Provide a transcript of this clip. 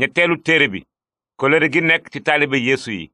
ñetteelu téere bi kolere gi nekk ci taalibe yéesu yi